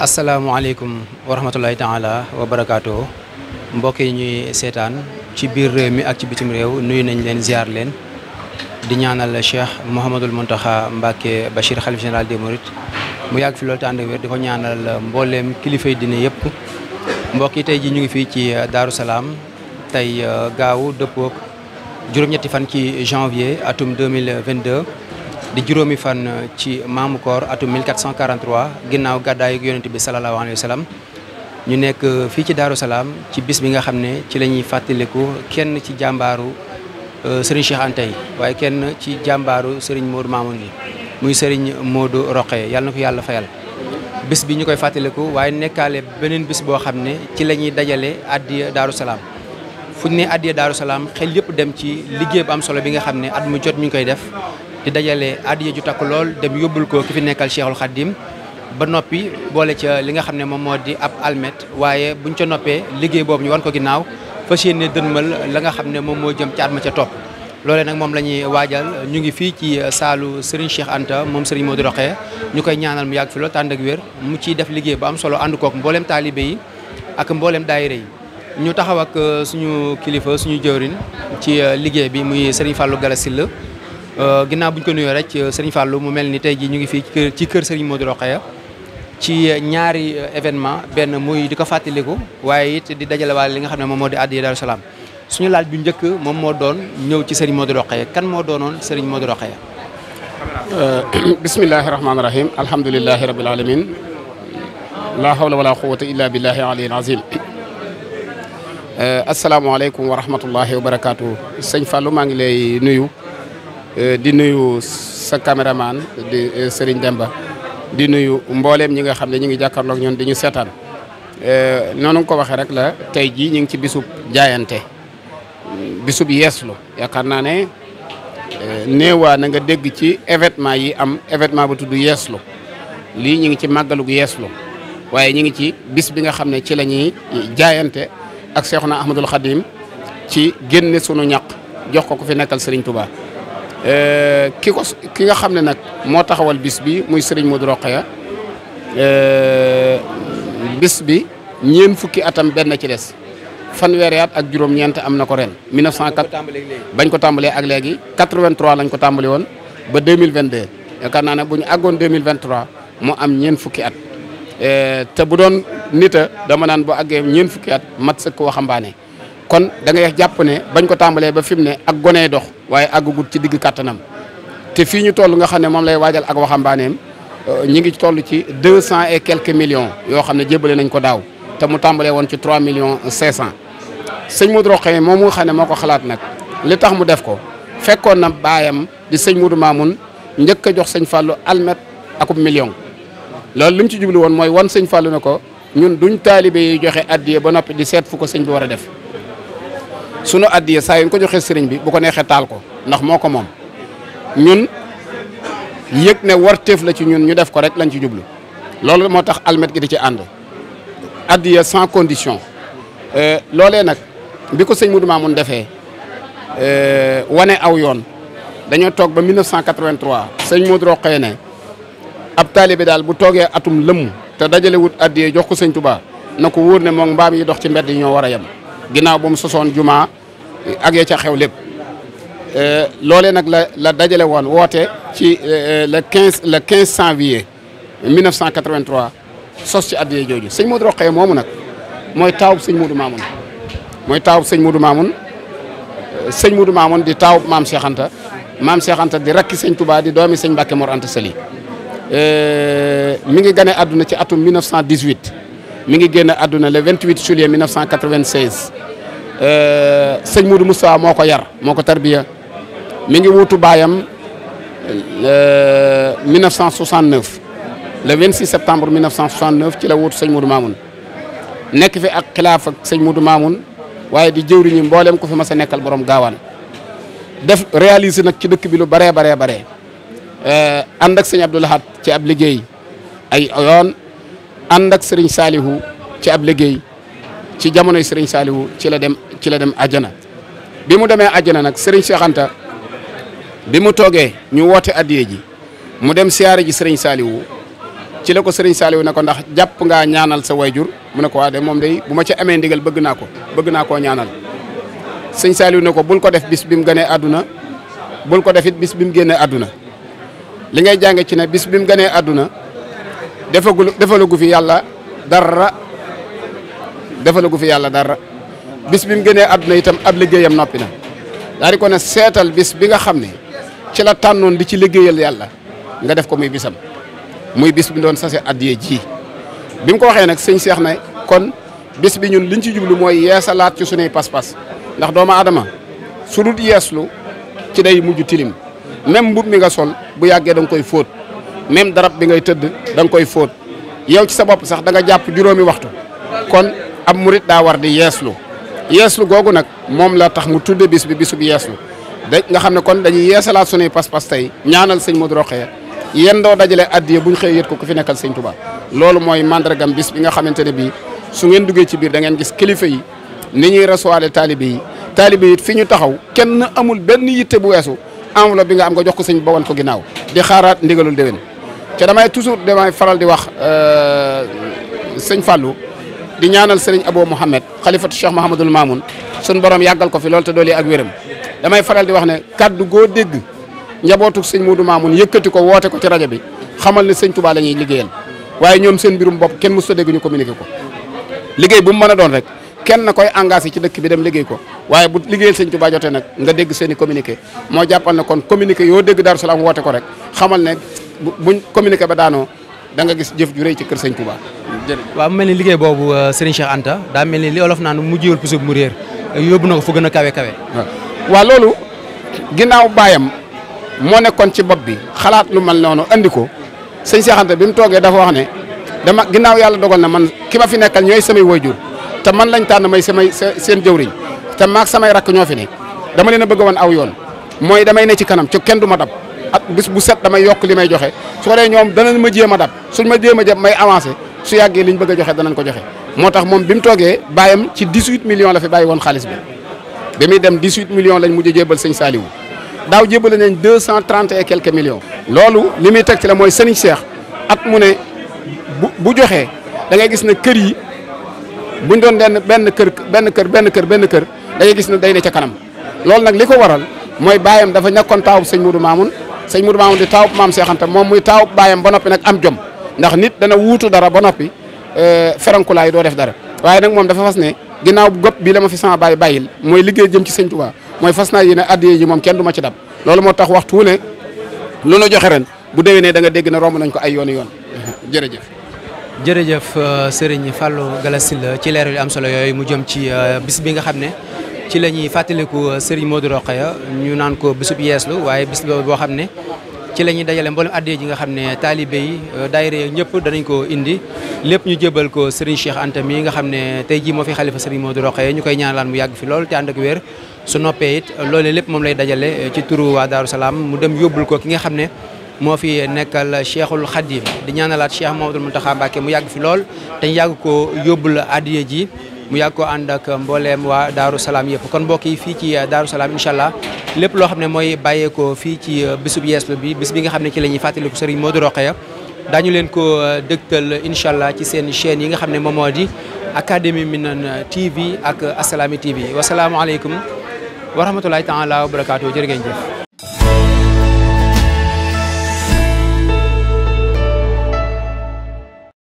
asalaamaaleykum wa rahmatulahi taala wa barakaatu mbokk yi ñuy seetaan ci biir réew mi ak ci bitim réew nuyu nañ leen ziar leen di ñaanal Cheikh Mouhamadul Mountakha Mbacké Bachir xalif général des Mourides mu yàgg fi loolu te ànd wér di ko ñaanal mbooleem kilifay dina yëpp mbokk yi tey ji ñu ngi fii ci Daaru Salaam tey euh, gaawu dëppook juróom-ñetti fan ci janvier atum 2022 di juróomi fan ci maamu atu atum 1443 ginnaaw gàddaay ak yonent bi salallaahu alayhi wa salaam ñu nekk fii ci Daaru Salaam ci bis bi nga xam ne ci la ñuy fàttaliku kenn ci jàmbaaru euh, Serigne Cheikh yi waaye kenn ci jàmbaaru Serigne Modou Mamoun ni muy Serigne Modou Roqe yàlla na ko yàlla fayal. bis bi ñu koy fàttaliku waaye nekkaale beneen bis boo xam ne ci la ñuy dajale addiya Daaru Salaam fu ñu ne addiya Daaru Salaam xel yëpp dem ci liggéey bu am solo bi nga xam ne at mu jot ñu koy def. di dajale addiya ju takk lool dem yóbbul ko ki fi nekkal Cheikhul Khadim ba noppi boole ca li nga xam ne moom moo di ab almet waaye bu ñu ca noppee liggéey boobu ñu wan ko ginnaaw fas yéene dënmal la nga xam ne moom moo jëm ca at ma ca topp. loole nag moom la ñuy waajal ñu ngi fii ci saalu Serigne Cheikh Anta moom Serigne Modou Rokhaya ñu koy ñaanal mu yàgg fi lool tànd ak wér mu ciy def liggéey bu am solo ànd kook mboolem taalibe yi ak mboolem daayira yi. ñu taxaw ak uh, suñu kilifa suñu jëwrin ci uh, liggéey bi muy Serigne Fallou Galassine Euh, ginnaaw buñ ñu ko nuyoo rek euh, Serigne Fallou mu mel ni tey jii ñu ngi fii ci kër ci kër Serigne Modou Rokhaya ci euh, ñaari événement benn muy di ko fàttaliku waaye it di dajale waale li nga xam ne moom moo di addiya Daaru Salaam suñu laaj bu njëkk moom moo doon ñëw ci Serigne Modou Rokhaya kan moo doonoon Serigne Modou Rokhaya. bismillahi rahmaani rahim alhamdulillahi rabbil alamin laa hawla wala quwwata illa billahi aliyil azim asalaamaaleykum wa rahmatullahi wa barakaatu sëñ Fallou maa ngi lay nuyu. Euh, di nuyu sa caméraman di euh, Serigne Demba di nuyu mbooleem ñi nga xam ne ñu ngi jàkkaarloog ñoom di ñu seetaan euh, noonu nga ko waxee rek la tey jii ñu ngi ci bisub jaayante bisub yeeslu yaakaar naa ne néewaa na nga dégg ci événement yi am événement bu tudd yeeslu lii ñu ngi ci màggalug yeeslu waaye ñu ngi ci bis bi nga xam ne ci la ñuy jaayante ak na Ahmadul Xadim ci génne sunu ñaq jox ko ku fi nekkal Serigne Touba. Euh, ki ko ki nga xam ne nag moo taxawal bis bi muy sëriñ Modou Rokhaya euh, bis bi ñeen fukki atam benn ci des fanweeri at ak juróom-ñeent am na ko ren. 1904 bañ ko tàmbalee ak léegi 83 lañ ko tàmbali woon ba 2022 yaakaar naa ne bu ñu àggoon 2023 mu am ñeen fukki at euh, te bu doon nita dama naan bu àggee ñeen fukki at mat sëkk waxambaane kon da ngay jàpp ne bañ ko tàmbalee ba fi mu ne ak gonee dox. waaye àggagut ci digg kattanam te fii ñu toll nga xam ne moom lay waajal ak waxambaaneem euh, ñi ngi toll ci deux cent et quelques millions yoo xam ne jébale nañ ko daaw te mu tàmbalee woon ci trois million cinq cent. sëñ Modou Rokhaya moom nga xam ne moo ko xalaat nag li tax mu def ko fekkoon na baayam di sëñ Modou Mamoun njëkk jox sëñ Fallou almet akub million. loolu li ci jublu woon mooy wan sëñ fallu ne ko ñun duñ taalibe yi joxe addiye ba noppi di seet fu ko sëñ bi war a def. sunu addiya saa yu ñu ko joxee sëriñ bi bu ko neexee taal ko ndax moo ko moom ñun yëg ne warteef la ci ñun ñu def ko rek lañ ci jublu loolu moo tax almet gi di ci ànd addiya sans condition euh, loole nag bi ko sëñ Modou Mamoun defee euh, wane aw yoon dañoo toog ba 1983 sëñ Modou Rokhaya ne ab bi daal bu toogee atum lëmm te dajale wut addiya jox ko sëñ Touba na ko wóor ne moom mbaam yi dox ci mbedd yi ñoo war a yem ginnaaw ba mu sosoon juma ak ya ca xew lépp euh, loolee nag la la dajale woon woote ci euh, euh, le quinze le quinze janvier 1983 sos ci addiye jooju sëñ Modou Rokhaya moomu nag mooy taawub sëñ Modou Mamoun mooy taawub sëñ Modou Mamoun sëñ Modou Mamoun di taawub maam seexanta Anta maam Cheikh di rakki sëñ Touba di doomi sëñ Mbacke Mor Anta Sali mi ngi gane adduna ci atum 1918. mi ngi génn àdduna le 28 juillet 1996 euh, sëñ Moudou Moustapha moo ko yar moo ko tarbiya mi ngi wutu baayam 1969 euh, le 26 septembre 1969 ci la wuutu sëñ Moudou Mamoun nekk fi ak xilaaf ak sëñ Moudou Mamoun waaye di jëwriñu mboolem ko fi mas a nekkal borom gaawaan def réaliser nag ci dëkk bi lu baree baree baree euh, ànd ak sëñ Abdoul ci ab liggéey ay yoon ànd ak sëriñ saalihu ci ab liggéey ci jamonoy sëriñ saalihu ci la dem ci la dem ajjana bi mu demee ajjana nag sëriñ Cheikh bi mu toogee ñu woote addiye ji mu dem siyaare ji sëriñ saalihu ci la ko sëriñ saalihu ne ko ndax jàpp ngaa ñaanal sa wayjur mu ne ko waa de moom day bu ma ci amee ndigal bëgg naa ko bëgg naa koo ñaanal sëñ saalihu ne ko bul ko def bis bi mu gënee àdduna bul ko defit it bis bi mu génnee àdduna li ngay jànge ci ne bis bi mu gënee àdduna defagul defalagu fi yàlla dara defalagu fi yàlla dara bis bi mu gënee àdduna itam ab liggéeyam noppi na daa di ko ne seetal bis bi nga xam ne ci la tànnoon di ci liggéeyal yàlla nga def ko muy bisam muy bis bi doon sase addiye ji bi mu ko waxee nag sëñ seex na kon bis bi ñun liñ ci jublu mooy yeesalaat ci sunuy pas-pas ndax doomu aadama su dul yeeslu ci day mujj tilim même mbub mi nga sol bu yàggee da koy fóot même darab bi ngay tëdd danga koy fóot yow ci sa bopp sax da nga jàpp juróomi waxtu kon ab murit daa war di yeeslu yeeslu googu nag moom la tax mu tudde bis bi bisub yeeslu da nga xam ne kon dañuy yeesalaat sunuy pas-pas tey ñaanal sëñ Modou Rokhaya yéen doo dajale addiya buñ xëy yët ko ku fi nekkal sëñ Touba loolu mooy mandargam bis bi nga xamante ne bii su ngeen duggee ci biir da ngeen gis kilifa yi ni ñuy recevoir taalibe yi taalibe yi fi ñu taxaw kenn amul benn yitte bu weesu enveloppe bi nga am nga jox ko sëñ bowoon ko ginnaaw di xaaraat ndigalul déwén te damay toujours damay faral di wax euh, sëñ Fallou di ñaanal sëriñ Abo Mouhamed xalifatu Cheikh Mahamadul Mamoun sun borom yàggal ko fi loolu te doole ak wéram damay faral di wax ne kaddu goo dégg njabootu sëñ Modou Mamoun yëkkati ko woote ko ci rajo bi xamal ne sëñ Touba la ñuy liggéeyal waaye ñoom seen mbirum bopp kenn mu a dégg ñu communiqué ko liggéey bu mu mën a doon rek kenn na koy engagé ci dëkk bi dem liggéey ko waaye bu liggéeyal sëñ Touba jotee nag nga dégg seen i communiqué moo jàppal ne kon communiqué yoo dégg Darou Salaam woote ko rek xamal ne buñ communiqué ba daanoo da nga gis jëf ju rëy ci kër sëñ Touba. jërëjëf waaw mu mel ni liggéey boobu euh, Serigne Cheikh Anta daa mel ni li olof naan mu jiwul puso mu réer yóbbu na ko fu gën a kawe kawe. waaw loolu ginnaaw baayam moo nekkoon ci bopp bi xalaat lu mel noonu andi ko sëñ Cheikh Anta bi mu toogee dafa wax ne dama ginnaaw yàlla dogal na man ki ma fi nekkal ñooy samay waajur te man lañ tànn may samay seen jëwriñ te maag samay rakk ñoo fi ne dama leen a bëgg aw yoon mooy damay ne ci kanam ci kenn du ma dab. ak bis bu set damay yokk li may joxe su ko dee ñoom danañ ma jéem a dab suñ ma jéem a jëm may avancé su yàggee liñ bëgg a joxe danañ ko joxe moo tax moom bi mu toogee bàyyam ci 18 millions million fi bàyyi woon xaalis bi bi muy dem 18 millions lañ mujj jébal sëñ Saliou daaw jébale nañ 230 et quelques millions. loolu li muy teg ci la mooy sëñ Cheikh at mu ne bu bu joxee da gis ne kër yi buñ doon benn benn kër benn kër benn kër benn kër da gis ne day ne ca kanam loolu nag li ko waral mooy bàyyam dafa nekkoon taawub sëñ Moudou Mamoun. sëñ Mourou Mamoun di taawub maam Cheikh Anta moom muy taawub baayam ba noppi nag am jom ndax nit dana wutu dara ba noppi euh, ferankulaay doo def dara waaye nag moom dafa fas ne ginnaaw gopp bi la ma fi sama baay bàyyil mooy liggéey jëm ci sëñ Touba mooy fas naa yéene moom kenn du ma ci dab loolu moo tax waxtu wu ne lu nu joxe ren bu déwénee da nga dégg ne romb nañ ko ay yoon yoon jërëjëf. jërëjëf euh, Serigne Fallou Galassine la ci leeral yi am solo yooyu mu jëm ci euh, bis bi nga xam ne. ci la ñuy fàttaliku euh, Serigne Modou ya ñu naan ko bisub yeeslu waaye bis la boo xam ne ci la ñuy dajale mboolem addee ji nga xam ne taalibe yi euh, daayira ñëpp danañ ko indi lépp ñu jëbal ko Serigne Cheikh Anta mi nga xam ne tey jii moo fi xalifa Serigne Modou Rokhaya ñu koy ñaanal mu yàgg fi lool te ànd ak wér su noppee it loole lépp moom lay dajale euh, ci turu waa Daaru Salaam mu dem yóbbul ko ki nga xam ne moo fi nekkal Cheikhul Khadim di ñaanalaat Cheikh Mamadou Mountakha Mbacké mu yàgg fi lool te ñu yàgg ko yóbbul addee ji mu yàgg ko ànd ak mbooleem waa Daaru Salaam yëpp kon mbokk yi fii ci Daaru Salaam incha allah lépp loo xam ne mooy bàyyeekoo fii ci euh, bisub yees bi bis bi nga xam ne ci la ñuy fàttaliku moo doro Rokhaya daañu leen ko euh, dëgtal incha allah ci seen chaîne yi nga xam ne moom moo di Académie Minane TV ak Assalaamy TV wasalaamualeykum wa rahmatulahi taala wa barakaatu jërë ngeen jëf